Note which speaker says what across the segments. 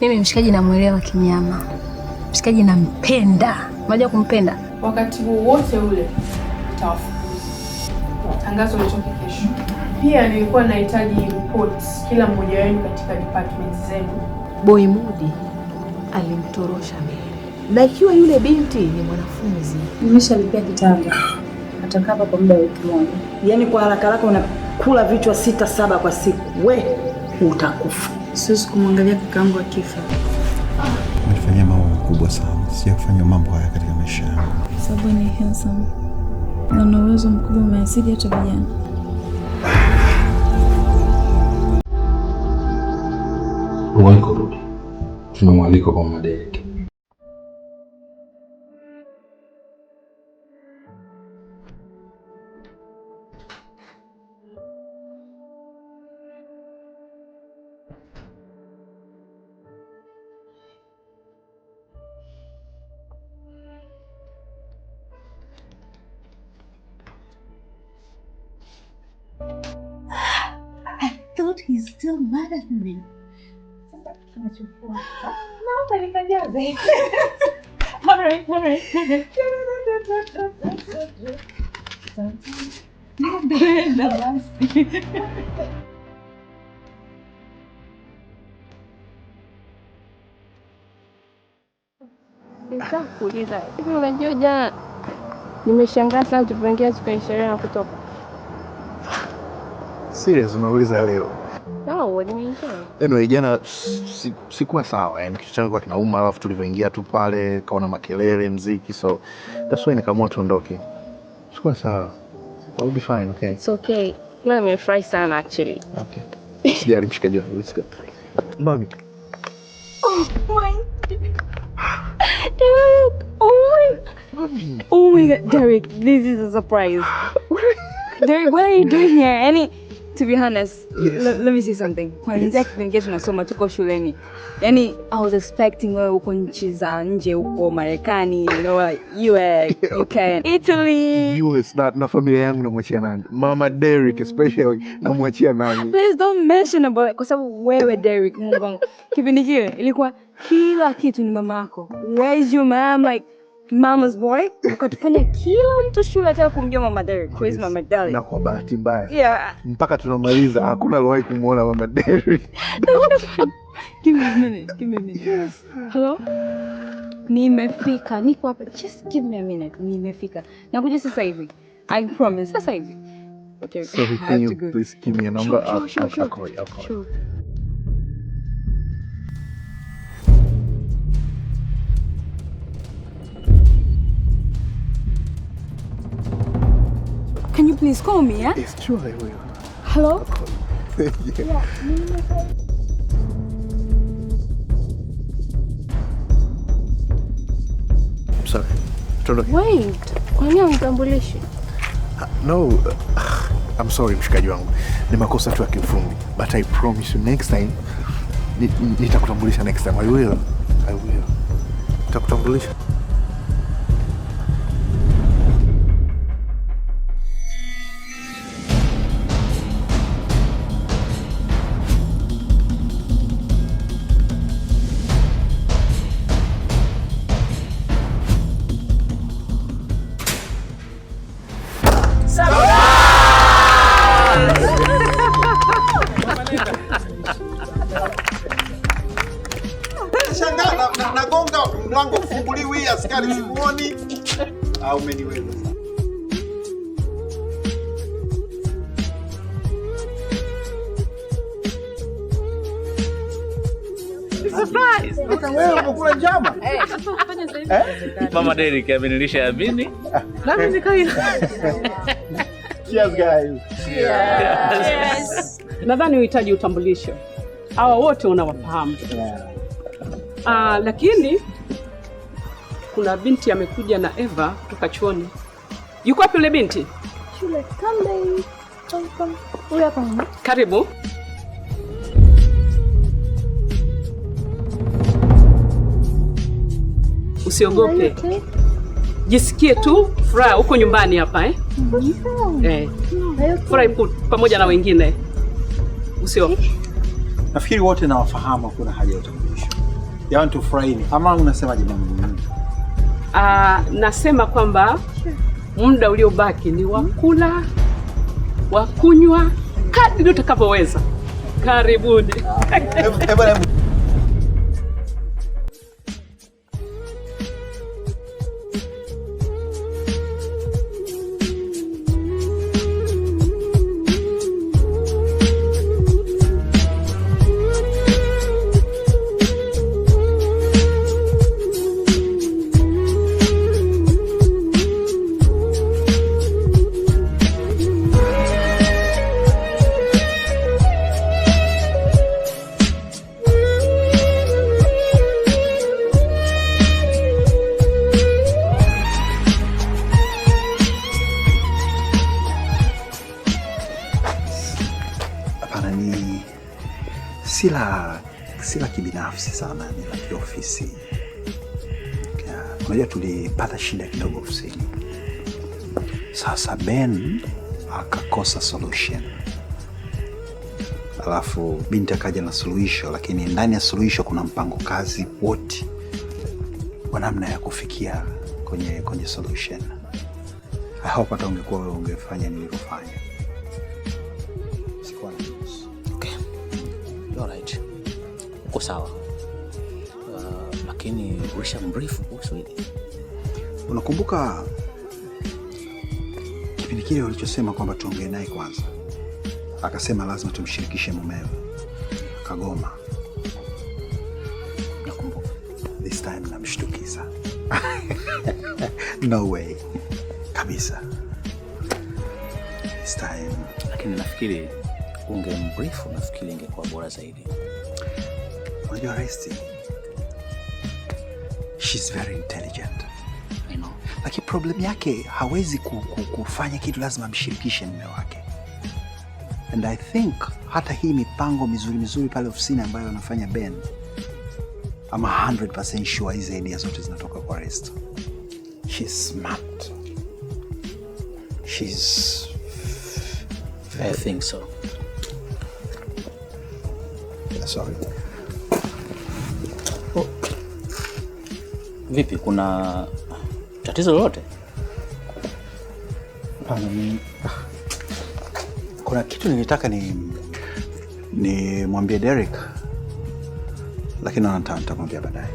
Speaker 1: Mimi mshikaji namwelewa kinyama, mshikaji nampenda. Unajua kumpenda
Speaker 2: wakati wote ule tangazo litoke kesho. Pia nilikuwa nahitaji reports kila mmoja wenu katika department zenu.
Speaker 1: Boy Mudi alimtorosha Mary na ikiwa yule binti ni mwanafunzi, nimeshalipia kitanda, atakaa hapa kwa muda wa wiki moja. Yaani kwa haraka haraka unakula vichwa sita saba kwa siku, we utakufa siwezi kumwangalia kakaangu akifa.
Speaker 3: Umefanya mambo makubwa sana, sija kufanya mambo haya katika maisha yangu.
Speaker 1: Sababu ni handsome na una uwezo mkubwa, umeazidi hata vijana.
Speaker 3: Uwahi kurudi, tuna kwa Madereka.
Speaker 1: muhimu. Naomba nikajaze. All right, Nitakuuliza hivi, unajua jana nimeshangaa sana na kutoka.
Speaker 3: Serious unauliza leo? Anyway, jana sikuwa sawa yani, kichwa changu kwa kinauma, alafu tulivyoingia tu pale kaona makelele, mziki, so that's why nikaamua tuondoke. Sikuwa sawa. I'll be fine, okay?
Speaker 1: It's okay. Na nimefurahi sana actually.
Speaker 3: Okay. Sijali mshikaji wangu. Let's go. Mami.
Speaker 1: Oh my Derek, oh my. Oh my God, Derek, this is a surprise. Derek, what are you doing here? Any to be honest, yes. Let me say something. Kwanza kipindi tunasoma tuko shuleni. Yaani I was expecting wewe oh, uko nchi za nje huko Marekani, UK, Italy.
Speaker 3: US na, na familia yangu namwachia nani? Mama Derek mm. especially namwachia nani?
Speaker 1: Please don't mention about kwa sababu wewe Derek, Mungu wangu. Kipindi kile ilikuwa kila kitu ni mama yako. Where is your mom like mama's boy ukatufanya kila mtu shule ataka kumjua mama Derrick. Yes. Mama Derrick,
Speaker 3: na kwa bahati mbaya yeah, mpaka tunamaliza hakuna aliyewahi kumuona mama Derrick.
Speaker 1: Give me a minute, give me a minute. Yes. Hello? Nimefika, niko hapa. Just give me a minute. Nimefika. Nakuja sasa hivi. I promise. Sasa hivi.
Speaker 3: Okay. So, can you please give me a number?
Speaker 1: Sure, sure, sure. I'll, I'll
Speaker 3: call you. I'll call you. Sure.
Speaker 1: please call me, yeah?
Speaker 3: It's true, I will. Hello? yeah. yeah. I'm sorry.
Speaker 1: Tuondoke. Wait. Kwa nini unitambulishi?
Speaker 3: Ah, no. Ah, I'm sorry mshikaji wangu. Ni makosa tu ya kiufundi. But I promise you next time nitakutambulisha next time. I will. I will. Nitakutambulisha.
Speaker 4: Shangaa nagonga mlango kufunguliwi, askari sikuoni. Au ah, umeniweza
Speaker 3: kula njama eh.
Speaker 5: Mama Derrick amenilisha amini
Speaker 1: nami nikaila.
Speaker 3: Cheers guys.
Speaker 6: Cheers.
Speaker 7: Nadhani uhitaji utambulisho, hawa wote unawafahamu yeah. Ah, lakini kuna binti amekuja na Eva kutoka chuoni. Yuko wapi yule binti? Shule. Karibu. usiogope, jisikie tu furaha huko nyumbani hapa eh?
Speaker 1: mm -hmm.
Speaker 7: eh. Furaha ipo pamoja na wengine, usio eh?
Speaker 3: nafikiri wote nawafahamu, hakuna haja ya utambulisho. Yaani tufurahini, ama unasemaje mama?
Speaker 7: Ah, nasema kwamba muda uliobaki ni wa kula wa kunywa kadri utakavyoweza. Karibuni.
Speaker 3: Unajua, tulipata shida kidogo ofisini. Sasa Ben akakosa solution, alafu binti akaja na suluhisho, lakini ndani ya suluhisho kuna mpango kazi wote wa namna ya kufikia kwenye kwenye solution. I hope hata ungekuwa wewe ungefanya nilivyofanya.
Speaker 8: okay. All right. Uko sawa lakini ulisha mrefu kuhusu hili.
Speaker 3: Unakumbuka kipindi kile ulichosema kwamba tuongee naye kwanza, akasema lazima tumshirikishe mumeo, kagoma Nakumbuka this time namshtukiza. No way kabisa this time,
Speaker 8: lakini nafikiri ungembrifu, nafikiri ingekuwa bora zaidi.
Speaker 3: Unajua resti she's very intelligent I know, lakini problem yake hawezi kufanya kitu, lazima amshirikishe mume wake. And I think hata hii mipango mizuri mizuri pale ofisini ambayo anafanya Ben, I'm 100% sure hizi idea zote zinatoka kwa rest. She's smart. She's
Speaker 8: I think so. Yeah, sorry. Vipi, kuna tatizo lolote?
Speaker 3: Kuna kitu nilitaka ni mwambie Derek, lakini nitamwambia baadaye.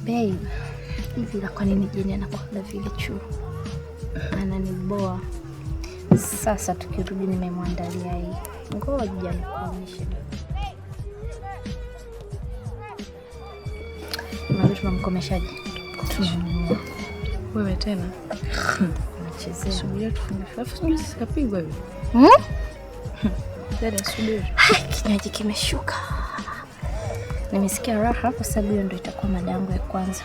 Speaker 1: Babe, hivi kwa nini Jeni anakuwa vile churu? ananiboa. Sasa tukirudi, nimemwandalia hii, ngoja nikuonyeshe. Tunamkomeshaje
Speaker 9: wewe tena? Hmm?
Speaker 1: kinywaji kimeshuka, nimesikia raha, kwa sababu hiyo ndo itakuwa mada yangu ya kwanza.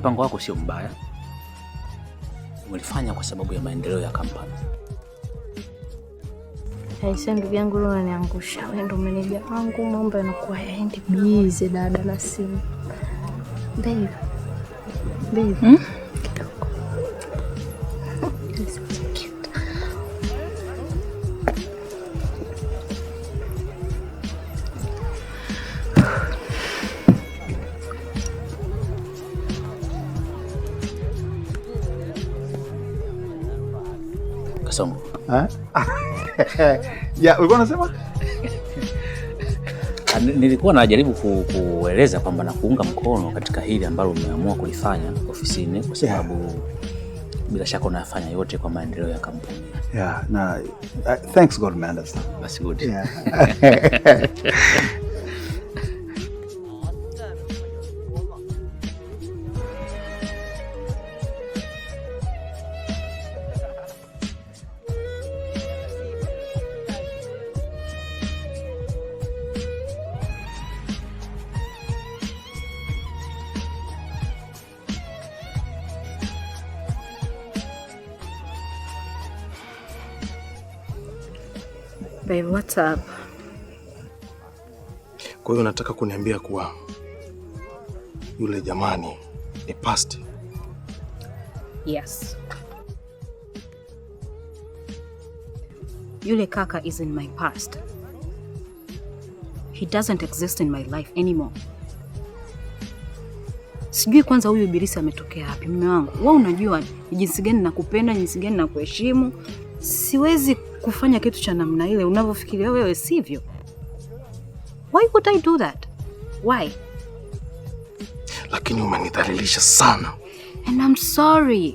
Speaker 8: mpango wako sio mbaya, ulifanya kwa sababu ya maendeleo ya kampani.
Speaker 1: Aisee, ndugu yangu, leo unaniangusha. Wewe ndo meneja wangu, mambo yanakuwa yaendi bize dada na simu. Babe. Babe. Hmm?
Speaker 8: Kasongo. Eh?
Speaker 3: Ya, ulikuwa unasema?
Speaker 8: Ah, nilikuwa najaribu ku, kueleza kwamba na kuunga mkono katika hili ambalo umeamua kulifanya ofisini kwa sababu yeah. Bila shaka unafanya yote kwa maendeleo ya kampuni.
Speaker 3: Yeah, na, uh, thanks God, man.
Speaker 8: That's good. Yeah.
Speaker 1: Babe, what's up?
Speaker 3: Kwa hiyo nataka kuniambia kuwa yule jamani ni past.
Speaker 1: Yes. Yule kaka is in my past. He doesn't exist in my life anymore. Sijui kwanza huyu ibilisi ametokea wapi? Mume wangu, wewe unajua jinsi gani nakupenda, jinsi gani nakuheshimu Siwezi kufanya kitu cha namna ile unavyofikiria wewe, sivyo? Why would I do that? Why?
Speaker 3: Lakini umenidhalilisha sana.
Speaker 1: And I'm sorry.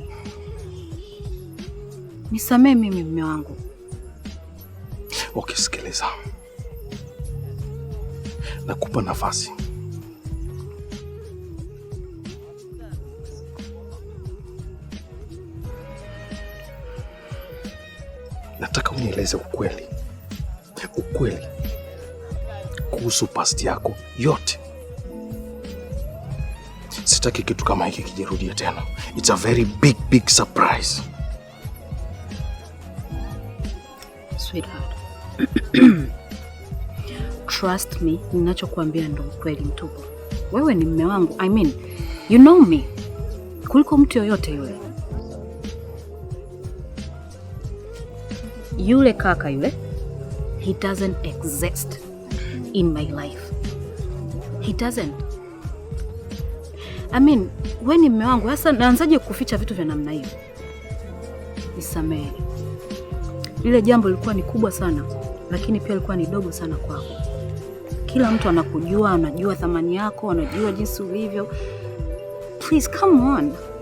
Speaker 1: Nisamee mimi mume wangu.
Speaker 3: Ukisikiliza, okay, nakupa nafasi nataka unieleze ukweli, ukweli kuhusu pasti yako yote. Sitaki kitu kama hiki kijirudia tena. It's a very big big surprise.
Speaker 1: Sweetheart. Trust me, ninachokuambia ndo ukweli mtupu. Wewe ni mme wangu. I mean, you know me kuliko mtu yoyote yule. yule kaka yule, he doesn't exist in my life, he doesn't I mean, we ni mme wangu hasa, naanzaje kuficha vitu vya namna hiyo? Nisamehe, lile jambo lilikuwa ni kubwa sana, lakini pia lilikuwa ni dogo sana kwako. Kila mtu anakujua, anajua thamani yako, anajua jinsi ulivyo. Please, come on.